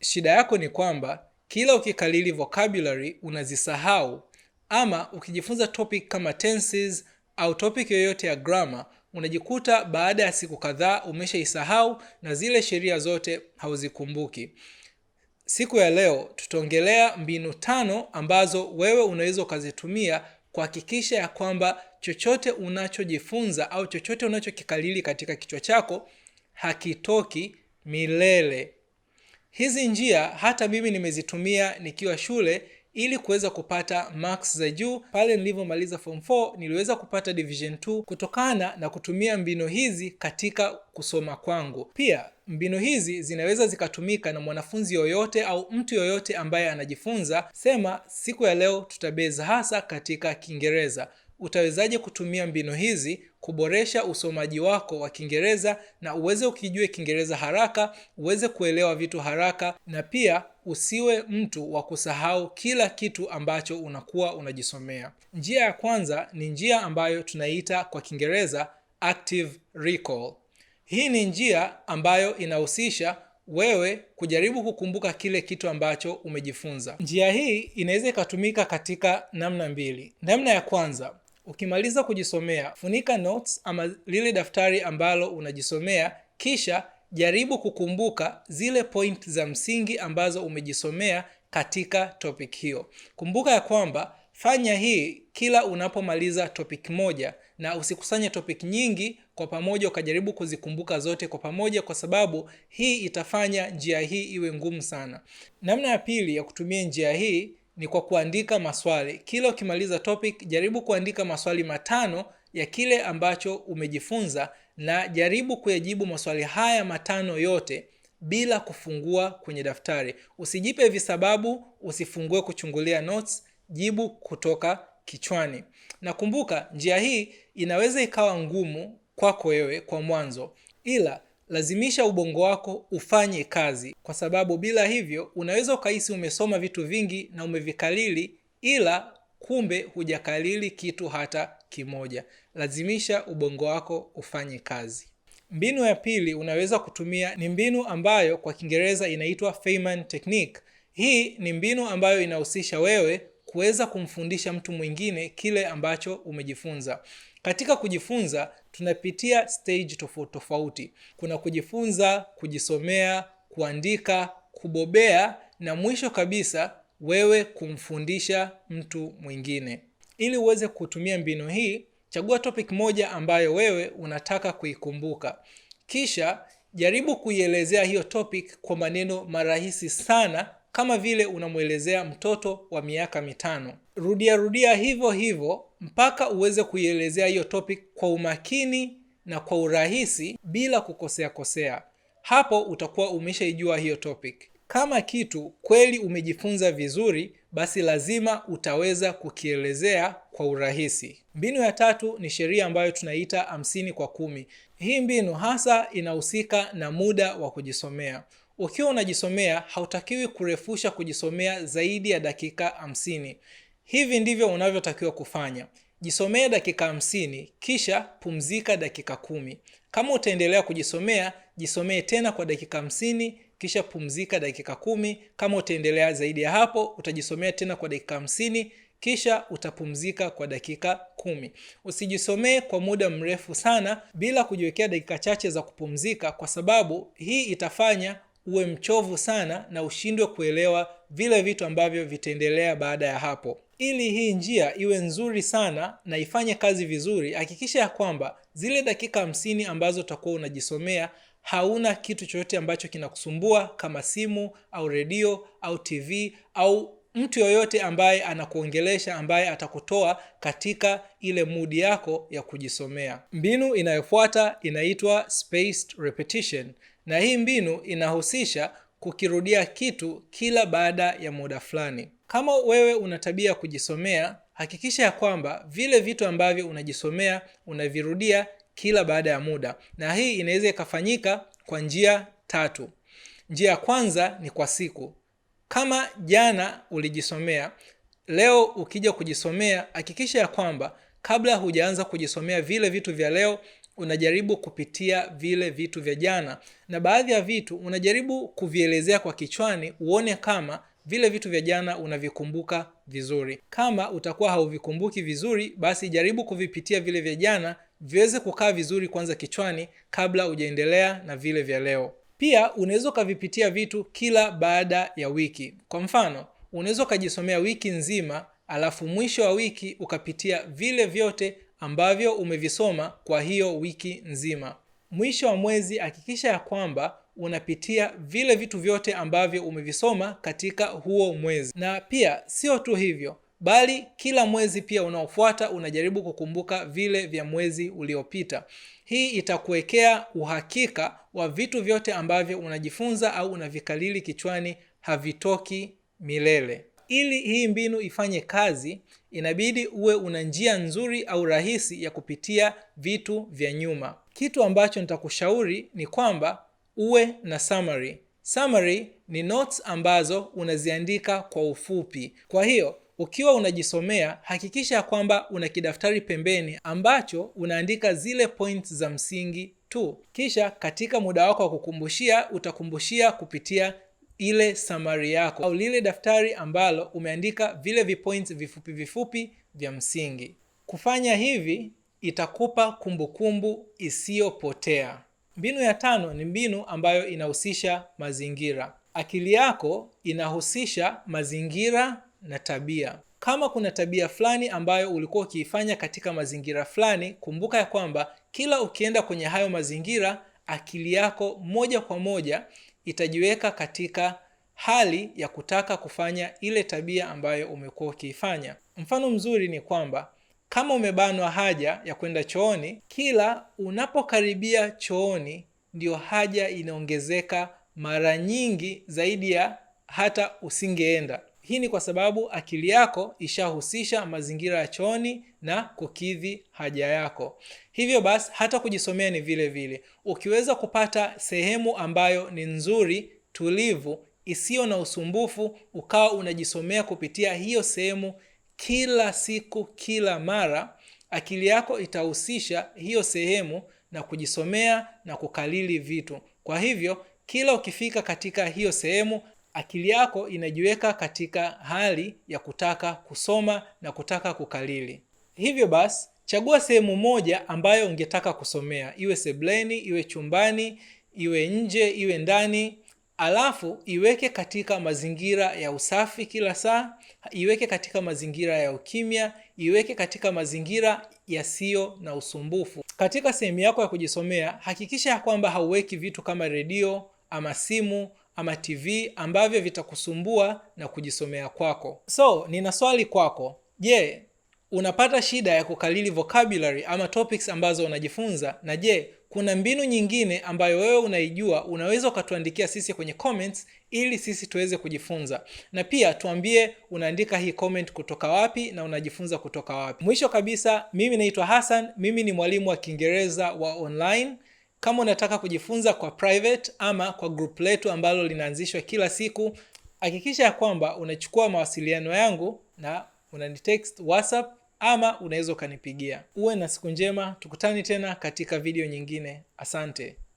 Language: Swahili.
Shida yako ni kwamba kila ukikalili vocabulary unazisahau, ama ukijifunza topic kama tenses au topic yoyote ya grammar unajikuta baada ya siku kadhaa umeshaisahau na zile sheria zote hauzikumbuki. Siku ya leo tutaongelea mbinu tano ambazo wewe unaweza ukazitumia kuhakikisha ya kwamba chochote unachojifunza au chochote unachokikalili katika kichwa chako hakitoki milele. Hizi njia hata mimi nimezitumia nikiwa shule ili kuweza kupata marks za juu. Pale nilivyomaliza form 4 niliweza kupata division 2 kutokana na kutumia mbinu hizi katika kusoma kwangu. Pia mbinu hizi zinaweza zikatumika na mwanafunzi yoyote au mtu yoyote ambaye anajifunza. Sema siku ya leo tutabeza hasa katika Kiingereza utawezaje kutumia mbinu hizi kuboresha usomaji wako wa Kiingereza na uweze ukijue Kiingereza haraka, uweze kuelewa vitu haraka, na pia usiwe mtu wa kusahau kila kitu ambacho unakuwa unajisomea. Njia ya kwanza ni njia ambayo tunaiita kwa Kiingereza active recall. Hii ni njia ambayo inahusisha wewe kujaribu kukumbuka kile kitu ambacho umejifunza. Njia hii inaweza ikatumika katika namna mbili. Namna ya kwanza, Ukimaliza kujisomea, funika notes ama lile daftari ambalo unajisomea, kisha jaribu kukumbuka zile point za msingi ambazo umejisomea katika topic hiyo. Kumbuka ya kwamba fanya hii kila unapomaliza topic moja, na usikusanye topic nyingi kwa pamoja ukajaribu kuzikumbuka zote kwa pamoja, kwa sababu hii itafanya njia hii iwe ngumu sana. Namna ya pili ya kutumia njia hii ni kwa kuandika maswali. Kila ukimaliza topic, jaribu kuandika maswali matano ya kile ambacho umejifunza na jaribu kuyajibu maswali haya matano yote bila kufungua kwenye daftari. Usijipe visababu, usifungue kuchungulia notes, jibu kutoka kichwani. Na kumbuka, njia hii inaweza ikawa ngumu kwako wewe kwa mwanzo, ila lazimisha ubongo wako ufanye kazi, kwa sababu bila hivyo unaweza ukahisi umesoma vitu vingi na umevikalili, ila kumbe hujakalili kitu hata kimoja. Lazimisha ubongo wako ufanye kazi. Mbinu ya pili unaweza kutumia ni mbinu ambayo kwa Kiingereza inaitwa Feynman technique. Hii ni mbinu ambayo inahusisha wewe kuweza kumfundisha mtu mwingine kile ambacho umejifunza. Katika kujifunza tunapitia stage tofauti tofauti. Kuna kujifunza, kujisomea, kuandika, kubobea na mwisho kabisa wewe kumfundisha mtu mwingine. Ili uweze kutumia mbinu hii, chagua topic moja ambayo wewe unataka kuikumbuka, kisha jaribu kuielezea hiyo topic kwa maneno marahisi sana kama vile unamwelezea mtoto wa miaka mitano. Rudia rudia hivyo hivyo mpaka uweze kuielezea hiyo topic kwa umakini na kwa urahisi bila kukosea kosea. Hapo utakuwa umeshaijua hiyo topic. Kama kitu kweli umejifunza vizuri, basi lazima utaweza kukielezea kwa urahisi. Mbinu ya tatu ni sheria ambayo tunaiita hamsini kwa kumi. Hii mbinu hasa inahusika na muda wa kujisomea. Ukiwa unajisomea hautakiwi kurefusha kujisomea zaidi ya dakika hamsini. Hivi ndivyo unavyotakiwa kufanya: jisomee dakika hamsini, kisha pumzika dakika kumi. Kama utaendelea kujisomea, jisomee tena kwa dakika hamsini, kisha pumzika dakika kumi. Kama utaendelea zaidi ya hapo, utajisomea tena kwa dakika hamsini kisha utapumzika kwa dakika kumi. Usijisomee kwa muda mrefu sana bila kujiwekea dakika chache za kupumzika, kwa sababu hii itafanya uwe mchovu sana na ushindwe kuelewa vile vitu ambavyo vitaendelea baada ya hapo. Ili hii njia iwe nzuri sana na ifanye kazi vizuri, hakikisha ya kwamba zile dakika hamsini ambazo utakuwa unajisomea hauna kitu chochote ambacho kinakusumbua kama simu au redio au TV au mtu yoyote ambaye anakuongelesha ambaye atakutoa katika ile mudi yako ya kujisomea. Mbinu inayofuata inaitwa spaced repetition, na hii mbinu inahusisha kukirudia kitu kila baada ya muda fulani. Kama wewe una tabia ya kujisomea, hakikisha ya kwamba vile vitu ambavyo unajisomea unavirudia kila baada ya muda, na hii inaweza ikafanyika kwa njia tatu. Njia ya kwanza ni kwa siku. Kama jana ulijisomea, leo ukija kujisomea, hakikisha ya kwamba kabla hujaanza kujisomea vile vitu vya leo, unajaribu kupitia vile vitu vya jana, na baadhi ya vitu unajaribu kuvielezea kwa kichwani, uone kama vile vitu vya jana unavikumbuka vizuri. Kama utakuwa hauvikumbuki vizuri, basi jaribu kuvipitia vile vya jana viweze kukaa vizuri kwanza kichwani, kabla hujaendelea na vile vya leo. Pia unaweza ukavipitia vitu kila baada ya wiki. Kwa mfano, unaweza ukajisomea wiki nzima, alafu mwisho wa wiki ukapitia vile vyote ambavyo umevisoma kwa hiyo wiki nzima. Mwisho wa mwezi hakikisha ya kwamba unapitia vile vitu vyote ambavyo umevisoma katika huo mwezi. Na pia sio tu hivyo bali kila mwezi pia unaofuata unajaribu kukumbuka vile vya mwezi uliopita. Hii itakuwekea uhakika wa vitu vyote ambavyo unajifunza au unavikalili kichwani havitoki milele. Ili hii mbinu ifanye kazi, inabidi uwe una njia nzuri au rahisi ya kupitia vitu vya nyuma. Kitu ambacho nitakushauri ni kwamba uwe na summary. Summary ni notes ambazo unaziandika kwa ufupi. Kwa hiyo ukiwa unajisomea hakikisha kwamba una kidaftari pembeni ambacho unaandika zile points za msingi tu, kisha katika muda wako wa kukumbushia utakumbushia kupitia ile summary yako au lile daftari ambalo umeandika vile vipoints vifupi vifupi vya msingi. Kufanya hivi itakupa kumbukumbu isiyopotea. Mbinu ya tano ni mbinu ambayo inahusisha mazingira. Akili yako inahusisha mazingira na tabia. Kama kuna tabia fulani ambayo ulikuwa ukiifanya katika mazingira fulani, kumbuka ya kwamba kila ukienda kwenye hayo mazingira, akili yako moja kwa moja itajiweka katika hali ya kutaka kufanya ile tabia ambayo umekuwa ukiifanya. Mfano mzuri ni kwamba kama umebanwa haja ya kwenda chooni, kila unapokaribia chooni ndiyo haja inaongezeka mara nyingi zaidi ya hata usingeenda. Hii ni kwa sababu akili yako ishahusisha mazingira ya chooni na kukidhi haja yako. Hivyo basi hata kujisomea ni vile vile. Ukiweza kupata sehemu ambayo ni nzuri, tulivu, isiyo na usumbufu, ukawa unajisomea kupitia hiyo sehemu kila siku, kila mara, akili yako itahusisha hiyo sehemu na kujisomea na kukalili vitu. Kwa hivyo kila ukifika katika hiyo sehemu akili yako inajiweka katika hali ya kutaka kusoma na kutaka kukalili. Hivyo basi, chagua sehemu moja ambayo ungetaka kusomea, iwe sebleni, iwe chumbani, iwe nje, iwe ndani, alafu iweke katika mazingira ya usafi kila saa, iweke katika mazingira ya ukimya, iweke katika mazingira yasiyo na usumbufu. Katika sehemu yako ya kujisomea, hakikisha ya kwamba hauweki vitu kama redio ama simu ama TV ambavyo vitakusumbua na kujisomea kwako. So nina swali kwako. Je, unapata shida ya kukalili vocabulary ama topics ambazo unajifunza? Na je, kuna mbinu nyingine ambayo wewe unaijua? Unaweza ukatuandikia sisi kwenye comments ili sisi tuweze kujifunza, na pia tuambie unaandika hii comment kutoka wapi na unajifunza kutoka wapi. Mwisho kabisa, mimi naitwa Hassan, mimi ni mwalimu wa Kiingereza wa online. Kama unataka kujifunza kwa private ama kwa group letu ambalo linaanzishwa kila siku, hakikisha ya kwamba unachukua mawasiliano yangu na unanitext WhatsApp ama unaweza ukanipigia. Uwe na siku njema, tukutane tena katika video nyingine. Asante.